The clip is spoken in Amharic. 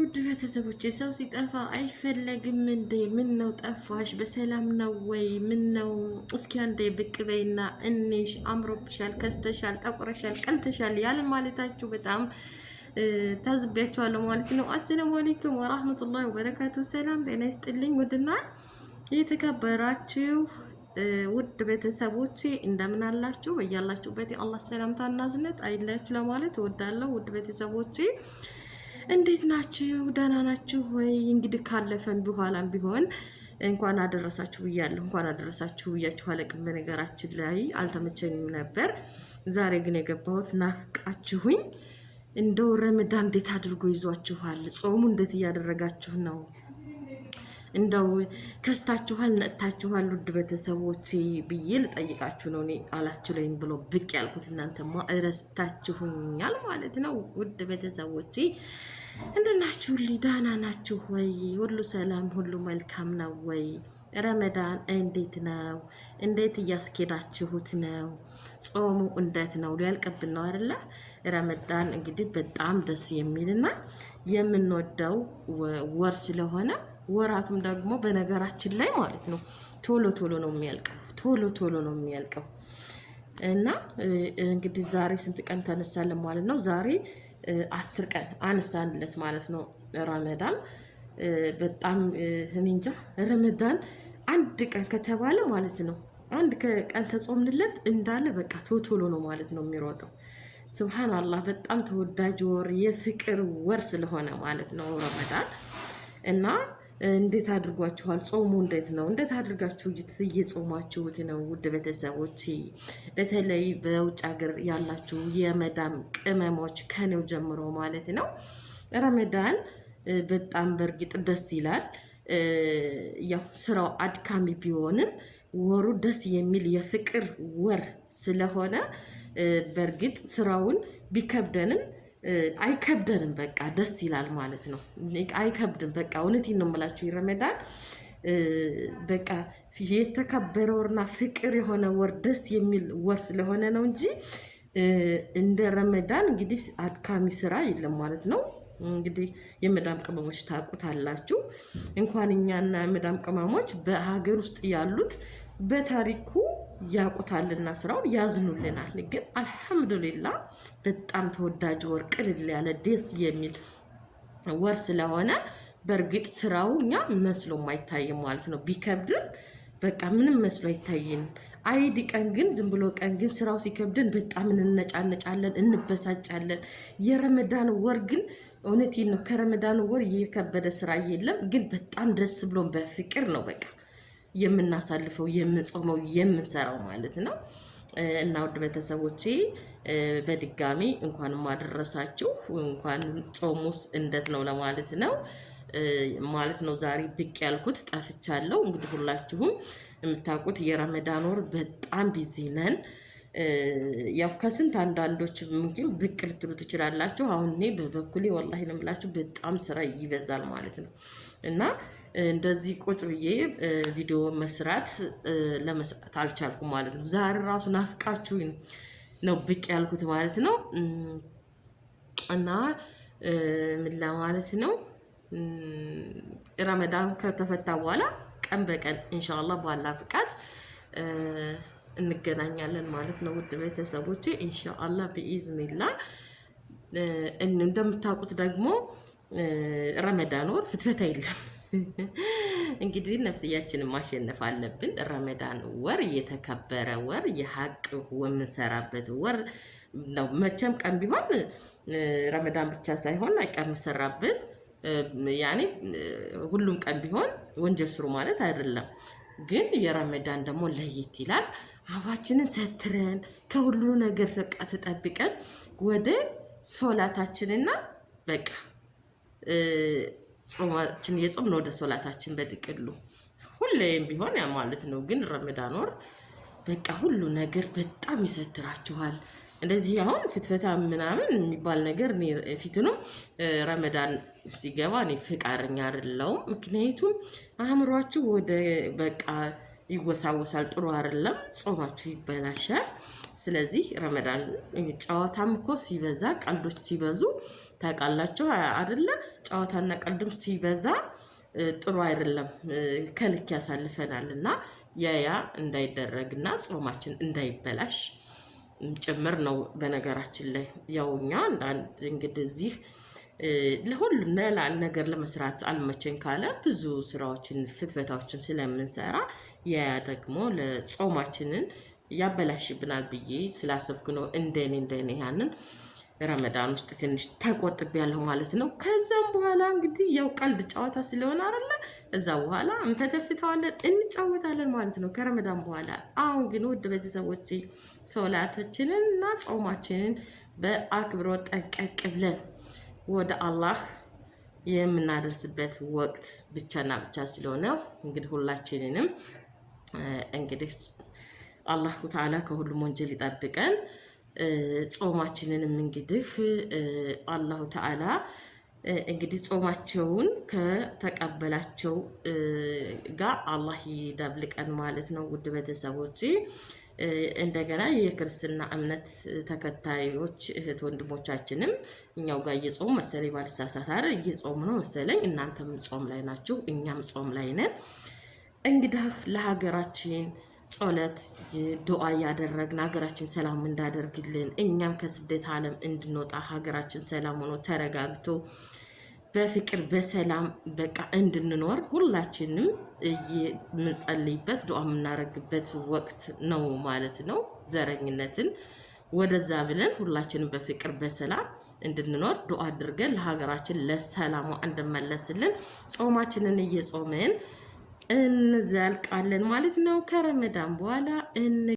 ውድ ቤተሰቦች ሰው ሲጠፋ አይፈለግም እንዴ? ምን ነው ጠፋሽ? በሰላም ነው ወይ? ምን ነው እስኪ አንዴ ብቅ በይና እንሽ አምሮብሻል፣ ከስተሻል፣ ጠቁረሻል፣ ቀንተሻል ያለ ማለታችሁ በጣም ታዝቢያችኋለሁ ማለት ነው። አሰላሙ አለይኩም ወራህመቱላሂ ወበረካቱ። ሰላም ጤና ይስጥልኝ ውድና የተከበራችሁ ውድ ቤተሰቦች እንደምን አላችሁ? በያላችሁበት የአላህ ሰላምታ እና እዝነት አይለያችሁ ለማለት እወዳለሁ ውድ ቤተሰቦች እንዴት ናችሁ? ደህና ናችሁ ወይ? እንግዲህ ካለፈን በኋላም ቢሆን እንኳን አደረሳችሁ ብያለሁ። እንኳን አደረሳችሁ ብያችሁ አለቅም። በነገራችን ላይ አልተመቸኝም ነበር። ዛሬ ግን የገባሁት ናፍቃችሁኝ። እንደው ረመዳን እንዴት አድርጎ ይዟችኋል? ጾሙ እንዴት እያደረጋችሁ ነው? እንደው ከስታችኋል፣ ነጥታችኋል ውድ ቤተሰቦች ብዬ ልጠይቃችሁ ነው። እኔ አላስችለኝ ብሎ ብቅ ያልኩት እናንተማ እረስታችሁኛል ማለት ነው። ውድ ቤተሰቦች እንደናችሁ ሊዳና ናችሁ ወይ? ሁሉ ሰላም፣ ሁሉ መልካም ነው ወይ? ረመዳን እንዴት ነው? እንዴት እያስኬዳችሁት ነው? ጾሙ እንዴት ነው? ሊያልቅብን ነው አይደለ? ረመዳን እንግዲህ በጣም ደስ የሚልና የምንወደው ወር ስለሆነ ወራቱም ደግሞ በነገራችን ላይ ማለት ነው ቶሎ ቶሎ ነው የሚያልቀው፣ ቶሎ ቶሎ ነው የሚያልቀው እና እንግዲህ ዛሬ ስንት ቀን ተነሳለን ማለት ነው? ዛሬ አስር ቀን አነሳንለት ማለት ነው። ረመዳን በጣም እንጃ ረመዳን አንድ ቀን ከተባለ ማለት ነው አንድ ቀን ተጾምንለት እንዳለ በቃ ቶቶሎ ነው ማለት ነው የሚሮጠው። ስብሓን አላህ በጣም ተወዳጅ ወር የፍቅር ወር ስለሆነ ማለት ነው ረመዳን እና እንዴት አድርጓችኋል? ጾሙ እንዴት ነው? እንዴት አድርጋችሁ እየጾማችሁት ነው? ውድ ቤተሰቦች፣ በተለይ በውጭ ሀገር ያላችሁ የመዳም ቅመሞች ከኔው ጀምሮ ማለት ነው ረመዳን በጣም በእርግጥ ደስ ይላል። ያው ስራው አድካሚ ቢሆንም ወሩ ደስ የሚል የፍቅር ወር ስለሆነ በእርግጥ ስራውን ቢከብደንም አይከብደንም። በቃ ደስ ይላል ማለት ነው። አይከብድም። በቃ እውነቴን ነው የምላችሁ ረመዳን በቃ የተከበረ ወርና ፍቅር የሆነ ወር ደስ የሚል ወር ስለሆነ ነው እንጂ እንደ ረመዳን እንግዲህ አድካሚ ስራ የለም ማለት ነው። እንግዲህ የመዳም ቅመሞች ታውቁታላችሁ። እንኳን እኛና የመዳም ቅመሞች በሀገር ውስጥ ያሉት በታሪኩ ያውቁታልና ስራውን ያዝኑልናል። ግን አልሐምዱሊላ በጣም ተወዳጅ ወር ቅልል ያለ ደስ የሚል ወር ስለሆነ በእርግጥ ስራው እኛ መስሎ አይታይም ማለት ነው። ቢከብድም በቃ ምንም መስሎ አይታይም። አይዲ ቀን ግን ዝም ብሎ ቀን ግን ስራው ሲከብድን በጣም እንነጫነጫለን፣ እንበሳጫለን። የረመዳን ወር ግን እውነቴን ነው ከረመዳን ወር የከበደ ስራ የለም። ግን በጣም ደስ ብሎን በፍቅር ነው በቃ የምናሳልፈው የምንጾመው የምንሰራው ማለት ነው። እና ውድ ቤተሰቦቼ በድጋሚ እንኳን ማደረሳችሁ እንኳን ጾሙስ እንደት ነው ለማለት ነው ማለት ነው። ዛሬ ብቅ ያልኩት ጠፍቻለሁ። እንግዲህ ሁላችሁም የምታውቁት የረመዳን ወር በጣም ቢዚ ነን። ያው ከስንት አንዳንዶች ምንኪን ብቅ ልትሉ ትችላላችሁ። አሁን እኔ በበኩሌ ወላሂ ነው የምላችሁ በጣም ስራ ይበዛል ማለት ነው እና እንደዚህ ቁጭ ብዬ ቪዲዮ መስራት ለመስራት አልቻልኩም ማለት ነው። ዛሬ ራሱ ናፍቃችሁ ነው ብቅ ያልኩት ማለት ነው። እና ምን ለማለት ነው ረመዳን ከተፈታ በኋላ ቀን በቀን እንሻላ ባላ ፍቃድ እንገናኛለን ማለት ነው። ውድ ቤተሰቦቼ ኢንሻአላህ ብኢዝኒላ እንደምታውቁት ደግሞ ረመዳን ወር ፍትፈታ የለም። እንግዲህ ነፍስያችንን ማሸነፍ አለብን። ረመዳን ወር የተከበረ ወር፣ የሀቅ የምንሰራበት ወር ነው። መቼም ቀን ቢሆን ረመዳን ብቻ ሳይሆን ቀን የሚሰራበት ያኔ ሁሉም ቀን ቢሆን ወንጀል ስሩ ማለት አይደለም። ግን የረመዳን ደግሞ ለየት ይላል። አፋችንን ሰትረን ከሁሉ ነገር በቃ ተጠብቀን ወደ ሶላታችንና በቃ ጾማችን የጾም ነው ወደ ሶላታችን በጥቅሉ ሁሌም ቢሆን ያ ማለት ነው። ግን ረመዳን ወር በቃ ሁሉ ነገር በጣም ይሰትራችኋል። እንደዚህ አሁን ፍትፈታ ምናምን የሚባል ነገር ፊትንም ረመዳን ሲገባ እኔ ፍቃረኛ አይደለውም። ምክንያቱም አእምሯችሁ ወደ በቃ ይወሳወሳል፣ ጥሩ አይደለም፣ ጾማችሁ ይበላሻል። ስለዚህ ረመዳን ጨዋታም እኮ ሲበዛ ቀልዶች ሲበዙ ታውቃላችሁ አደለ? ጨዋታና ቀልድም ሲበዛ ጥሩ አይደለም፣ ከልክ ያሳልፈናል እና ያያ እንዳይደረግና ጾማችን እንዳይበላሽ ጭምር ነው። በነገራችን ላይ ያው እኛ እንግዲህ እዚህ ለሁሉም ነገር ለመስራት አልመቸኝ ካለ ብዙ ስራዎችን ፍትፈታዎችን ስለምንሰራ ያ ደግሞ ለጾማችንን ያበላሽብናል ብዬ ስላሰብኩ ነው። እንደኔ እንደኔ ያንን ረመዳን ውስጥ ትንሽ ተቆጥብ ያለሁ ማለት ነው። ከዛም በኋላ እንግዲህ ያው ቀልድ ጨዋታ ስለሆነ አለ እዛ በኋላ እንፈተፍተዋለን እንጫወታለን ማለት ነው ከረመዳን በኋላ። አሁን ግን ውድ ቤተሰቦች ሰላታችንን እና ጾማችንን በአክብሮ ጠንቀቅ ብለን ወደ አላህ የምናደርስበት ወቅት ብቻና ብቻ ስለሆነ እንግዲህ ሁላችንንም እንግዲህ አላህ ተዓላ ከሁሉም ወንጀል ይጠብቀን። ጾማችንንም እንግዲህ አላሁ ተዓላ እንግዲህ ጾማቸውን ከተቀበላቸው ጋር አላህ ይዳብልቀን ማለት ነው። ውድ ቤተሰቦች እንደገና የክርስትና እምነት ተከታዮች እህት ወንድሞቻችንም እኛው ጋር እየጾሙ መሰለኝ ባልሳሳት አይደል? እየጾሙ ነው መሰለኝ። እናንተም ጾም ላይ ናችሁ፣ እኛም ጾም ላይ ነን። እንግዲህ ለሀገራችን ጸሎት ዱዓ እያደረግን ሀገራችን ሰላም እንዳደርግልን እኛም ከስደት ዓለም እንድንወጣ ሀገራችን ሰላም ሆኖ ተረጋግቶ በፍቅር በሰላም በቃ እንድንኖር ሁላችንም የምንጸልይበት ዱዓ የምናደርግበት ወቅት ነው ማለት ነው። ዘረኝነትን ወደዛ ብለን ሁላችንም በፍቅር በሰላም እንድንኖር ዱዓ አድርገን ለሀገራችን ለሰላሙ እንድመለስልን ጾማችንን እየጾምን እንዘልቃለን ማለት ነው። ከረመዳን በኋላ